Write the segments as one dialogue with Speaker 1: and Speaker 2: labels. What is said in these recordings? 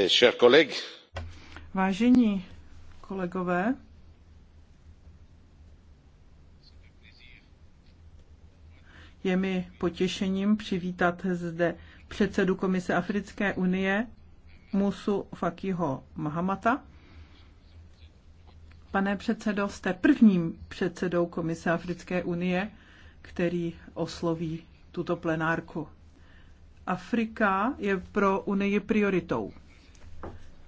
Speaker 1: Eh, vážení kolegové je mi potěšením přivítat zde předsedu komise africké unie musu fakiho mahamata. Pane předsedo, jste prvním předsedou Komise Africké unie, který osloví tuto plenárku. Afrika je pro Unii prioritou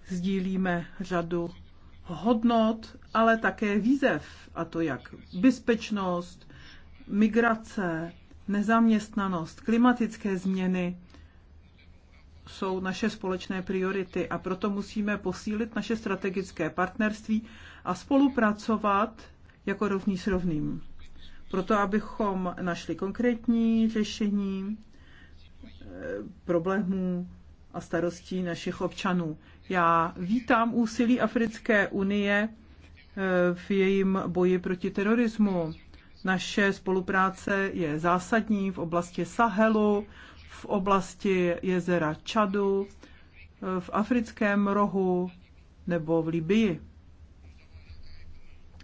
Speaker 1: sdílíme řadu hodnot, ale také výzev, a to jak bezpečnost, migrace, nezaměstnanost, klimatické změny jsou naše společné priority a proto musíme posílit naše strategické partnerství a spolupracovat jako rovní s rovným. Proto, abychom našli konkrétní řešení eh, problémů a starostí našich občanů. Já vítám úsilí Africké unie eh, v jejím boji proti terorismu. Naše spolupráce je zásadní v oblasti Sahelu, v oblasti jezera Čadu, eh, v africkém rohu nebo v Libii.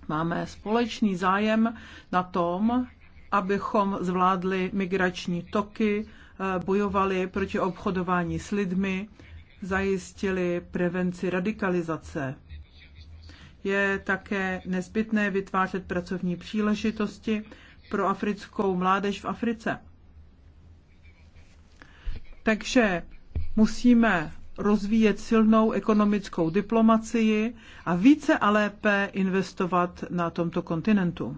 Speaker 1: Máme společný zájem na tom, abychom zvládli migrační toky, Eh, bojovali proti obchodování s lidmi, zajistili prevenci radikalizace. Je také nezbytné vytvářet pracovní příležitosti pro africkou mládež v Africe. Takže musíme rozvíjet silnou ekonomickou diplomacii a více a lépe investovat na tomto kontinentu.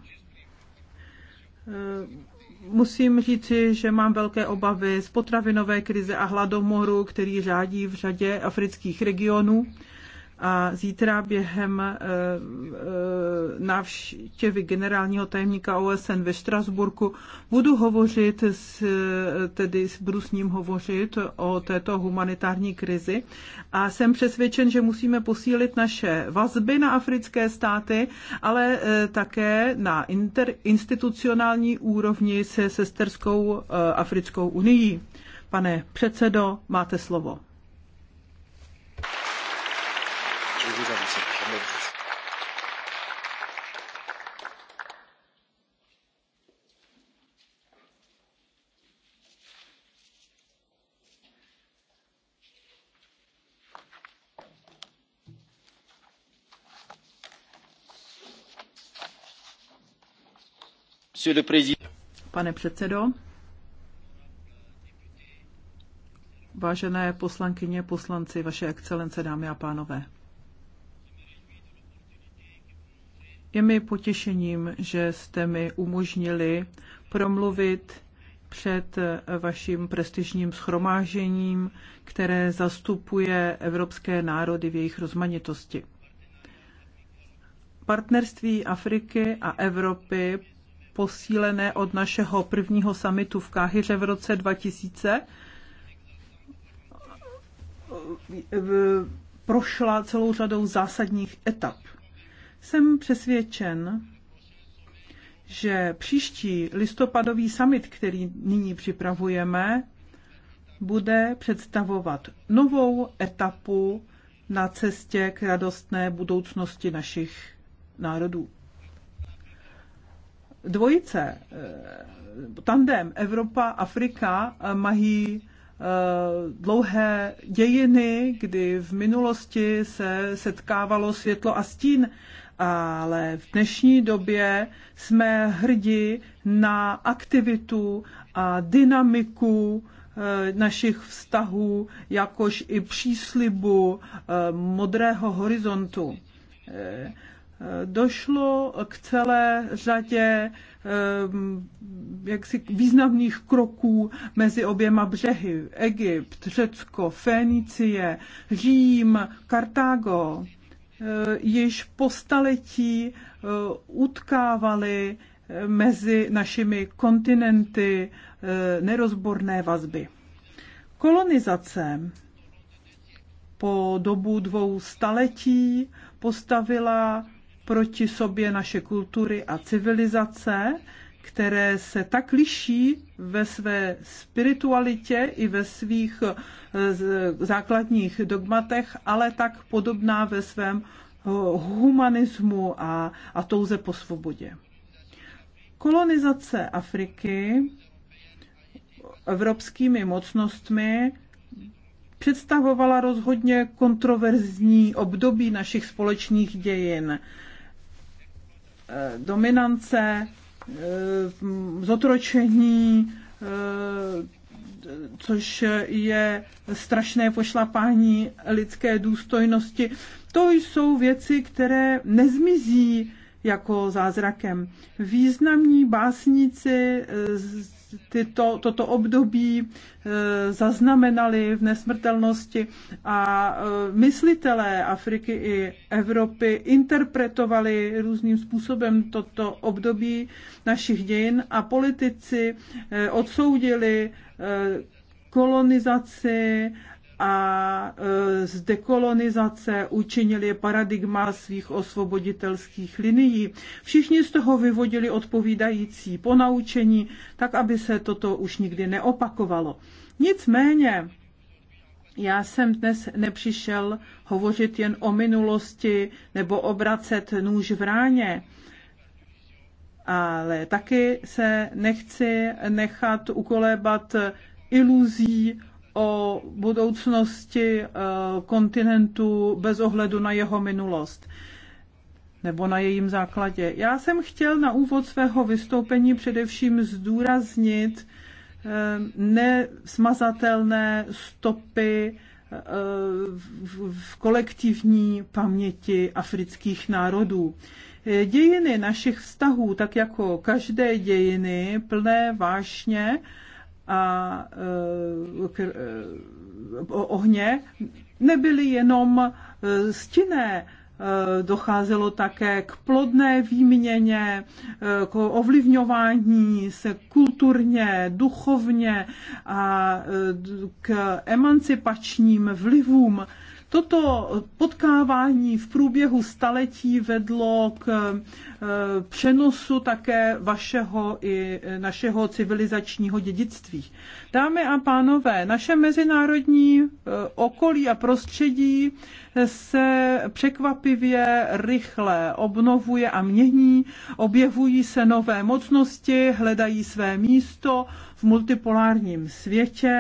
Speaker 1: Eh, musím říci, že mám velké obavy z potravinové krize a hladomoru, který řádí v řadě afrických regionů a zítra během eh, eh, návštěvy generálního tajemníka OSN ve Štrasburku budu hovořit, s, eh, tedy budu s ním hovořit o této humanitární krizi a jsem přesvědčen, že musíme posílit naše vazby na africké státy, ale také na interinstitucionální úrovni se sesterskou Africkou unii. Pane předsedo, máte slovo. Pane předsedo, vážené poslankyně, poslanci, vaše excelence, dámy a pánové. Je mi potěšením, že jste mi umožnili promluvit před vaším prestižním schromážením, které zastupuje evropské národy v jejich rozmanitosti. Partnerství Afriky a Evropy posílené od našeho prvního samitu v Káhyře v roce 2000. Prošla celou řadou zásadních etap. Jsem přesvědčen, že příští listopadový summit, který nyní připravujeme, bude představovat novou etapu na cestě k radostné budoucnosti našich národů dvojice, eh, tandem Evropa-Afrika eh, mají eh, dlouhé dějiny, kdy v minulosti se setkávalo světlo a stín, ale v dnešní době jsme hrdi na aktivitu a dynamiku našich vztahů, jakož i příslibu modrého horizontu došlo k celé řadě eh, jaksi významných kroků mezi oběma břehy. Egypt, Řecko, Fénicie, Řím, Kartágo eh, již po staletí eh, utkávaly mezi našimi kontinenty nerozborné vazby. Kolonizace po dobu dvou staletí postavila proti sobě naše kultury a civilizace, které se tak liší ve své spiritualitě i ve svých eh, základních dogmatech, ale tak podobná ve svém eh, humanismu a, a touze po svobodě. Kolonizace Afriky evropskými mocnostmi představovala rozhodně kontroverzní období našich společných dějin. Eh, dominance, eh, zotročení, eh, což je strašné pošlapání lidské důstojnosti. To jsou věci, které nezmizí jako zázrakem. Významní básníci eh, tyto, toto období eh, zaznamenali v nesmrtelnosti a eh, myslitelé Afriky i Evropy interpretovali různým způsobem toto období našich dějin a politici odsoudili kolonizaci a e, z dekolonizace učinili paradigma svých osvoboditelských linií. Všichni z toho vyvodili odpovídající ponaučení, tak aby se toto už nikdy neopakovalo. Nicméně, já jsem dnes nepřišel hovořit jen o minulosti nebo obracet nůž v ráně ale taky se nechci nechat ukolébat iluzí o budoucnosti eh, kontinentu bez ohledu na jeho minulost nebo na jejím základě. Já jsem chtěl na úvod svého vystoupení především zdůraznit eh, nesmazatelné stopy eh, v kolektivní paměti afrických národů. Dějiny našich vztahů, tak jako každé dějiny plné vášně, a e, e, ohně nebyly jenom e, stinné, docházelo také k plodné výměně, k ovlivňování se kulturně, duchovně a k emancipačním vlivům Toto potkávání v průběhu staletí vedlo k eh, přenosu také vašeho i našeho civilizačního dědictví. Dámy a pánové, naše mezinárodní eh, okolí a prostředí se překvapivě rychle obnovuje a mění, objevují se nové mocnosti, hledají své místo v multipolárním světě,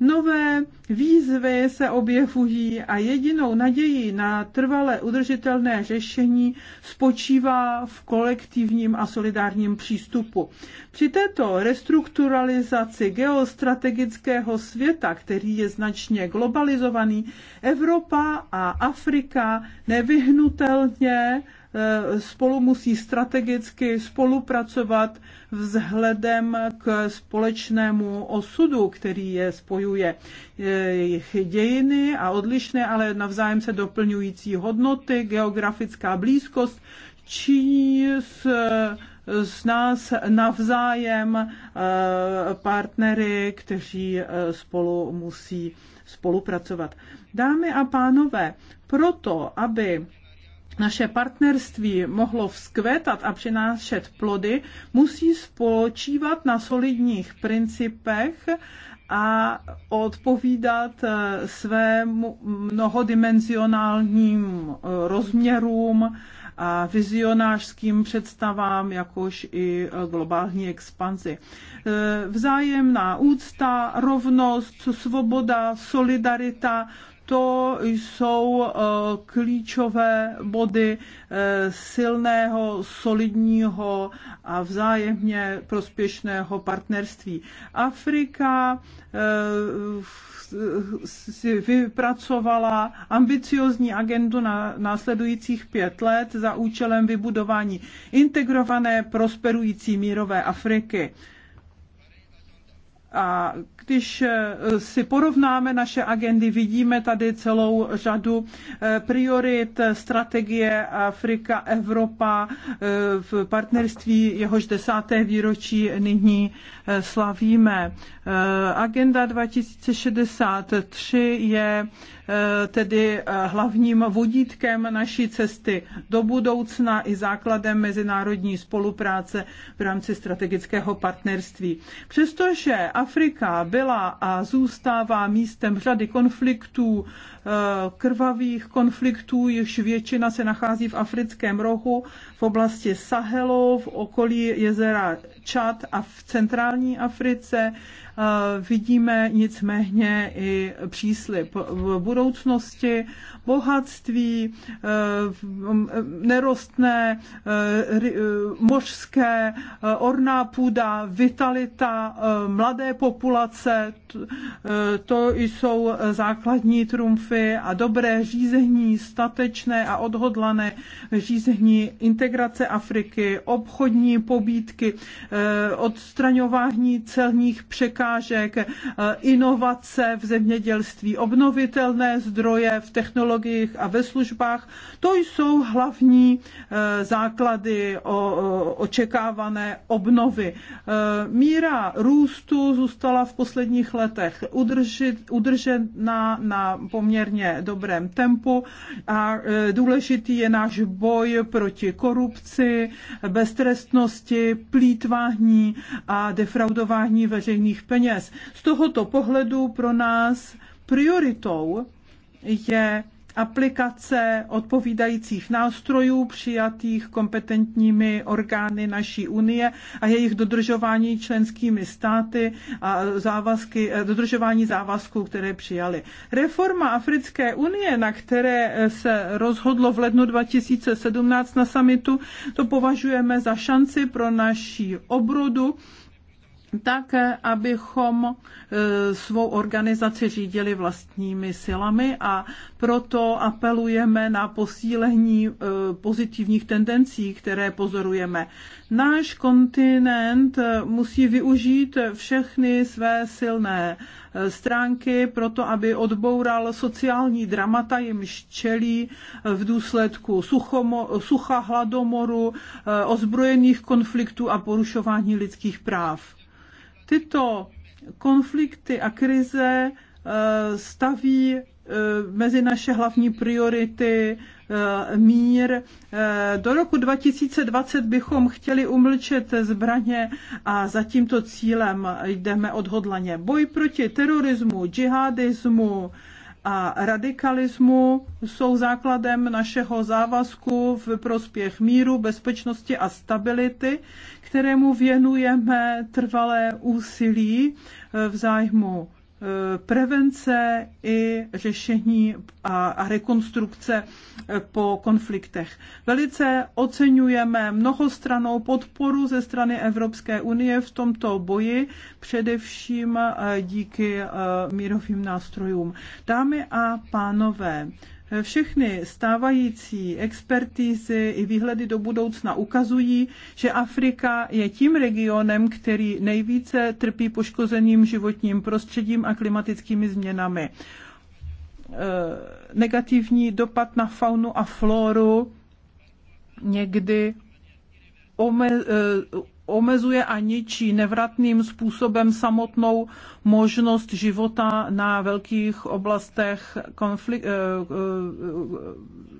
Speaker 1: nové výzvy se objevují a jedinou naději na trvale udržitelné řešení spočívá v kolektivním a solidárním přístupu. Při této restrukturalizaci geostrategického světa, který je značně globalizovaný, Evropa a a Afrika nevyhnutelně eh, spolu musí strategicky spolupracovat vzhledem k společnému osudu, který je spojuje. Eh, jejich dějiny a odlišné, ale navzájem se doplňující hodnoty, geografická blízkost činí z, z nás navzájem eh, partnery, kteří spolu musí spolupracovat. Dámy a pánové, proto, aby naše partnerství mohlo vzkvétat a přinášet plody, musí spočívat na solidních principech a odpovídat eh, svému mnohodimenzionálním eh, rozměrům a vizionářským představám, jakož i e, globální expanzi. E, vzájemná úcta, rovnost, svoboda, solidarita, to jsou e, klíčové body silného, solidního a vzájemně prospěšného partnerství. Afrika si vypracovala ambiciozní agendu na následujících pět let za účelem vybudování integrované, prosperující mírové Afriky. A když eh, si porovnáme naše agendy, vidíme tady celou řadu eh, priorit, eh, strategie Afrika, Evropa v partnerství, jehož desáté výročí nyní slavíme. Agenda 2063 je Eh, tedy eh, hlavním vodítkem naší cesty do budoucna i základem mezinárodní spolupráce v rámci strategického partnerství. Přestože Afrika byla a zůstává místem řady konfliktů, eh, krvavých konfliktů, jež většina se nachází v africkém rohu, v oblasti Sahelu, v okolí jezera Čad a v centrální Africe. Eh, vidíme nicméně i příslip v budoucnosti, bohatství, eh, nerostné, eh, mořské, orná půda, vitalita mladé populace, to jsou základní trumfy a dobré řízení, statečné a odhodlané řízení integrace Afriky, obchodní pobídky, Eh, odstraňování celních překážek, eh, inovace v zemědělství, obnovitelné zdroje v technologiích a ve službách. To jsou hlavní eh, základy očekávané obnovy. Míra růstu zůstala v posledních letech udržena na poměrně dobrém tempu a důležitý je náš boj proti korupci, beztrestnosti, plítvání plítvání a defraudování veřejných peněz. Z tohoto pohledu pro nás prioritou je aplikace odpovídajících nástrojů přijatých kompetentními orgány naší Unie a jejich dodržování členskými státy a závazky, eh, dodržování závazků, které přijali. Reforma Africké unie, na které eh, se rozhodlo v lednu 2017 na samitu, to považujeme za šanci pro naší obrodu tak, abychom e, svou organizaci řídili vlastními silami a proto apelujeme na posílení e, pozitivních tendencí, které pozorujeme. Náš kontinent e, musí využít všechny své silné stránky proto, aby odboural sociální dramata, jim čelí v důsledku suchomo, sucha, hladomoru, ozbrojených konfliktů a porušování lidských práv. Tyto konflikty a krize eh, staví eh, mezi naše hlavní priority eh, mír. Do roku 2020 bychom chtěli umlčet zbraně a za tímto cílem jdeme odhodlaně. Boj proti terorismu, džihadismu a radikalismu jsou základem našeho závazku v prospěch míru, bezpečnosti a stability, kterému věnujeme trvalé úsilí eh, v zájmu eh, prevence i řešení a rekonstrukce eh, po konfliktech. Velice oceňujeme mnohostranou podporu ze strany Evropské unie v tomto boji, především díky mírovým nástrojům. Dámy a pánové, všechny stávající expertízy i výhledy do budoucna ukazují, že Afrika je tím regionem, který nejvíce trpí poškozením životním prostředím a klimatickými změnami. E, negativní dopad na faunu a floru někdy ome, e, omezuje a ničí nevratným způsobem samotnou možnost života na velkých oblastech konflik- eh, eh,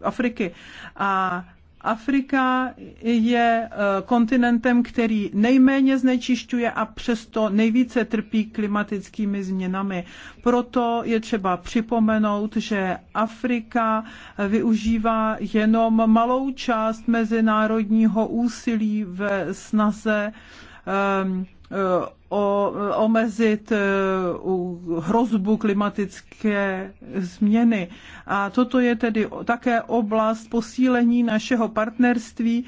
Speaker 1: eh, Afriky. A Afrika je eh, kontinentem, který nejméně znečišťuje a přesto nejvíce trpí klimatickými změnami. Proto je třeba připomenout, že Afrika eh, využívá jenom malou část mezinárodního úsilí v snaze eh, o, omezit e, hrozbu klimatické změny. A toto je tedy také oblast posílení našeho partnerství,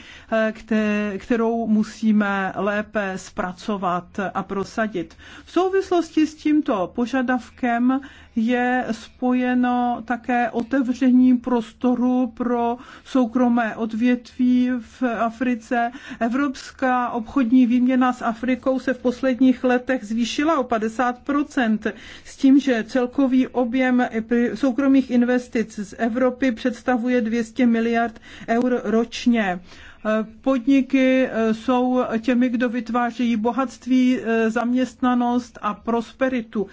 Speaker 1: e, kterou musíme lépe zpracovat a prosadit. V souvislosti s tímto požadavkem je spojeno také otevření prostoru pro soukromé odvětví v Africe. Evropská obchodní výměna s Afrikou se v poslední posledních letech zvýšila o 50 s tím, že celkový objem soukromých investic z Evropy představuje 200 miliard eur ročně. E, podniky e, jsou těmi, kdo vytvářejí bohatství, e, zaměstnanost a prosperitu.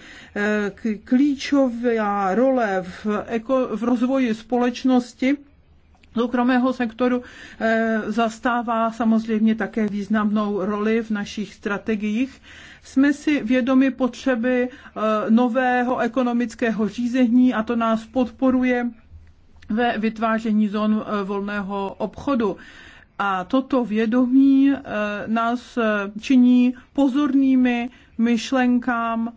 Speaker 1: Klíčová role v, v rozvoji společnosti soukromého sektoru eh, zastává samozřejmě také významnou roli v našich strategiích. Jsme si vědomi potřeby eh, nového ekonomického řízení a to nás podporuje ve vytváření zón eh, volného obchodu. A toto vědomí nás činí pozornými myšlenkám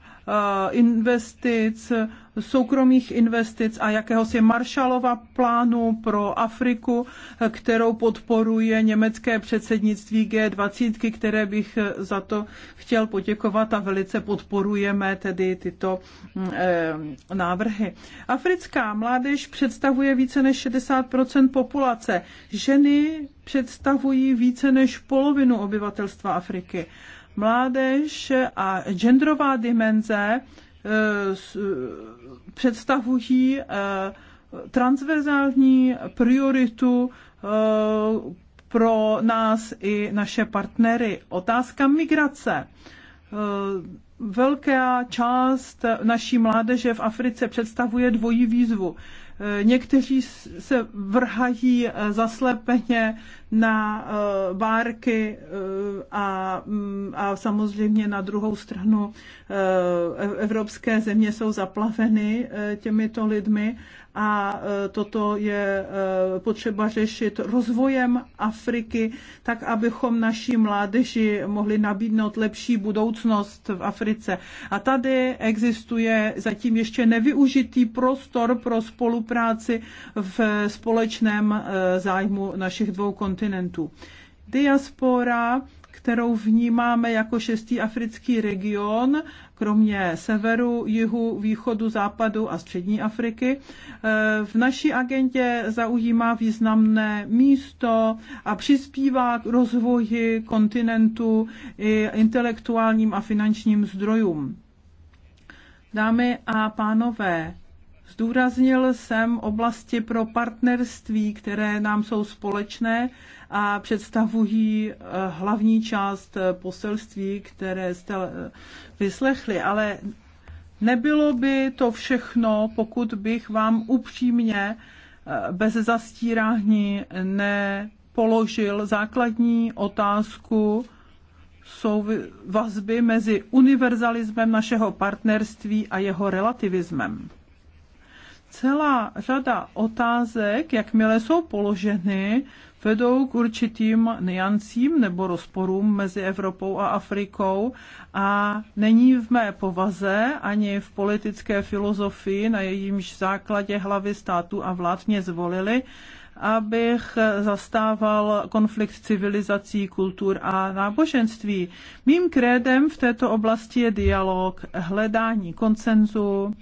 Speaker 1: investic, soukromých investic a jakéhosi Marshallova plánu pro Afriku, kterou podporuje německé předsednictví G20, které bych za to chtěl poděkovat a velice podporujeme tedy tyto mm, eh, návrhy. Africká mládež představuje více než 60 populace. Ženy představují více než polovinu obyvatelstva Afriky. Mládež a genderová dimenze představují eh, transverzální prioritu eh, pro nás i naše partnery. Otázka migrace. Eh, velká část naší mládeže v Africe představuje dvojí výzvu. Někteří se vrhají eh, zaslepeně na eh, bárky eh, a, mm, a samozřejmě na druhou stranu e-, evropské země jsou zaplaveny těmito lidmi a e, toto je e, potřeba řešit rozvojem Afriky, tak abychom naší mládeži mohli nabídnout lepší budoucnost v Africe. A tady existuje zatím ještě nevyužitý prostor pro spolupráci v společném e, zájmu našich dvou kontinentů diaspora kterou vnímáme jako šestý africký region, kromě severu, jihu, východu, západu a střední Afriky. E, v naší agentě zaujímá významné místo a přispívá k rozvoji kontinentu i intelektuálním a finančním zdrojům. Dámy a pánové, Zdůraznil jsem oblasti pro partnerství, které nám jsou společné a představují eh, hlavní část eh, poselství, které jste eh, vyslechli, ale nebylo by to všechno, pokud bych vám upřímně bez zastírání nepoložil základní otázku, jsou vazby mezi univerzalismem našeho partnerství a jeho relativismem celá řada otázek, jakmile jsou položeny, vedou k určitým niancím nebo rozporům mezi Evropou a Afrikou a není v mé povaze ani v politické filozofii, na jejímž základě hlavy států a vlád mě zvolili, abych zastával konflikt civilizací, kultur a náboženství. Mým krédem v této oblasti je dialog, hledání koncenzu,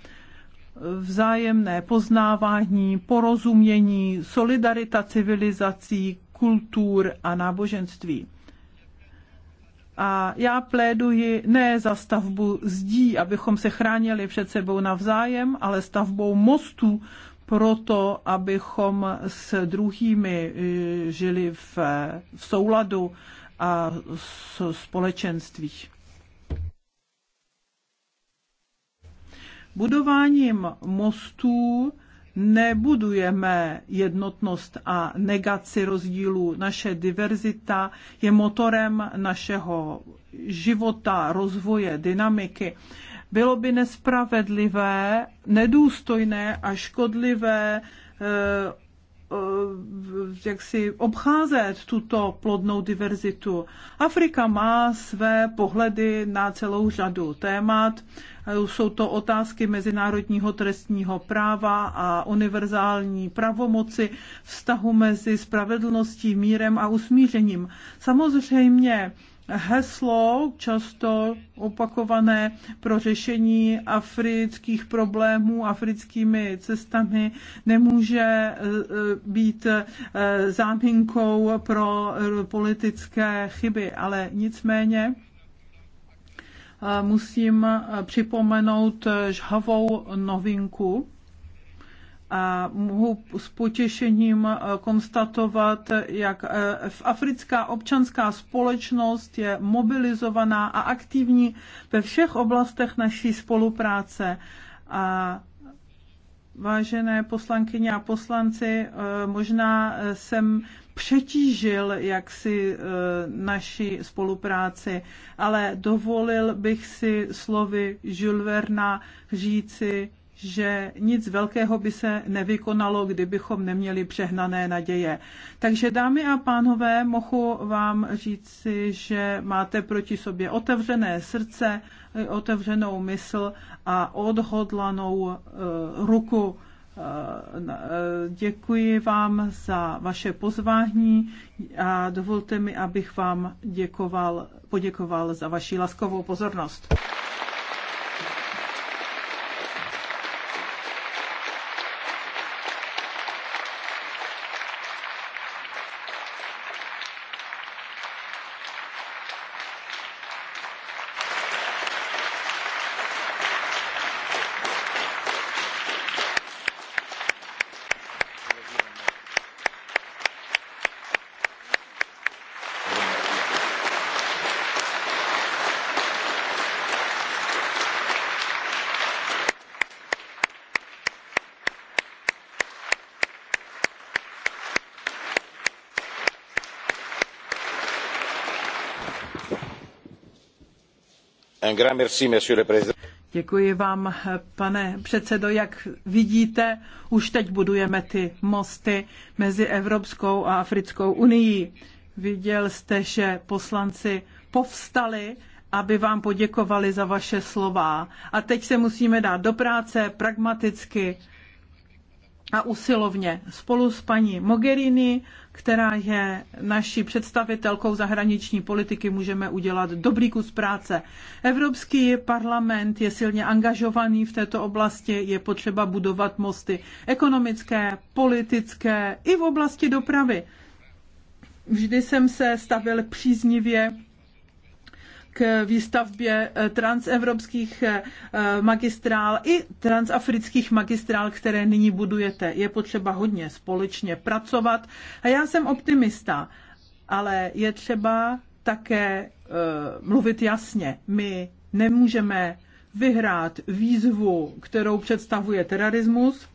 Speaker 1: vzájemné poznávání, porozumění, solidarita civilizací, kultur a náboženství. A já pléduji ne za stavbu zdí, abychom se chránili před sebou navzájem, ale stavbou mostů proto, abychom s druhými eh, žili v, v souladu a s společenstvích. Budováním mostů nebudujeme jednotnost a negaci rozdílů. Naše diverzita je motorem našeho života, rozvoje, dynamiky. Bylo by nespravedlivé, nedůstojné a škodlivé eh, eh, jak si obcházet tuto plodnou diverzitu. Afrika má své pohledy na celou řadu témat. Jsou to otázky mezinárodního trestního práva a univerzální pravomoci, vztahu mezi spravedlností, mírem a usmířením. Samozřejmě heslo často opakované pro řešení afrických problémů africkými cestami nemůže e, e, být e, záminkou pro politické chyby, ale nicméně musím e, připomenout e, žhavou novinku a mohu s potěšením e, konstatovat, jak v africká občanská společnost je mobilizovaná a aktivní ve všech oblastech naší spolupráce. A vážené poslankyně a poslanci, možná jsem přetížil jaksi e, naši spolupráci, ale dovolil bych si slovy Jules Verna říci, že nic velkého by se nevykonalo, kdybychom neměli přehnané naděje. Takže dámy a pánové, mohu vám říci, že máte proti sobě otevřené srdce, otevřenou mysl a odhodlanou e, ruku Eh, eh, děkuji vám za vaše pozvání a dovolte mi, abych vám děkoval, poděkoval za vaši laskavou pozornost. Děkuji vám, pane předsedo. Jak vidíte, už teď budujeme ty mosty mezi Evropskou a Africkou unii. Viděl jste, že poslanci povstali, aby vám poděkovali za vaše slova. A teď se musíme dát do práce pragmaticky na usilovně spolu s paní Mogherini, která je naší představitelkou zahraniční politiky, můžeme udělat dobrý kus práce. Evropský parlament je silně angažovaný v této oblasti, je potřeba budovat mosty ekonomické, politické i v oblasti dopravy. Vždy jsem se stavil příznivě k výstavbě eh, transevropských eh, eh, magistrál i transafrických magistrál, které nyní budujete. Je potřeba hodně společně pracovat a já jsem optimista, ale je třeba také mluvit jasně. My nemůžeme vyhrát výzvu, kterou představuje terorismus,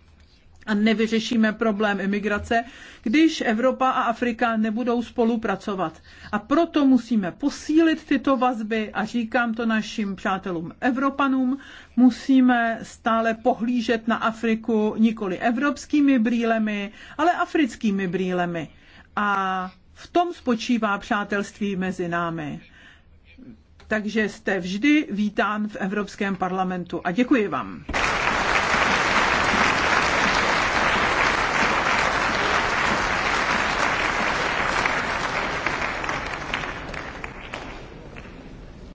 Speaker 1: a nevyřešíme problém imigrace, když Evropa a Afrika nebudou spolupracovat. A proto musíme posílit tyto vazby a říkám to našim přátelům Evropanům, musíme stále pohlížet na Afriku nikoli evropskými brýlemi, ale africkými brýlemi. A v tom spočívá přátelství mezi námi. Takže jste vždy vítán v Evropském parlamentu a děkuji vám.